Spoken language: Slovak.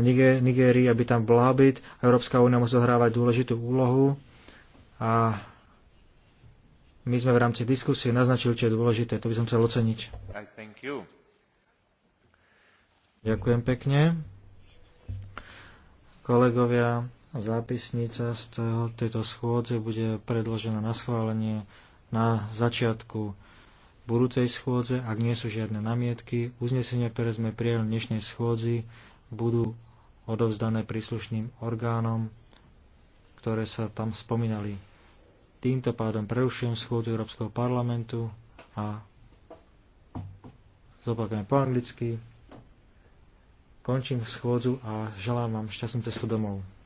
Nigérii, aby tam bol habit. Európska únia musí zohrávať dôležitú úlohu a my sme v rámci diskusie naznačili, čo je dôležité. To by som chcel oceniť. Ďakujem pekne. Kolegovia, zápisnica z toho, tejto schôdze bude predložená na schválenie na začiatku budúcej schôdze, ak nie sú žiadne namietky. Uznesenia, ktoré sme prijeli v dnešnej schôdzi, budú odovzdané príslušným orgánom, ktoré sa tam spomínali. Týmto pádom prerušujem schôdzu Európskeho parlamentu a zopakujem po anglicky. Končím schôdzu a želám vám šťastnú cestu domov.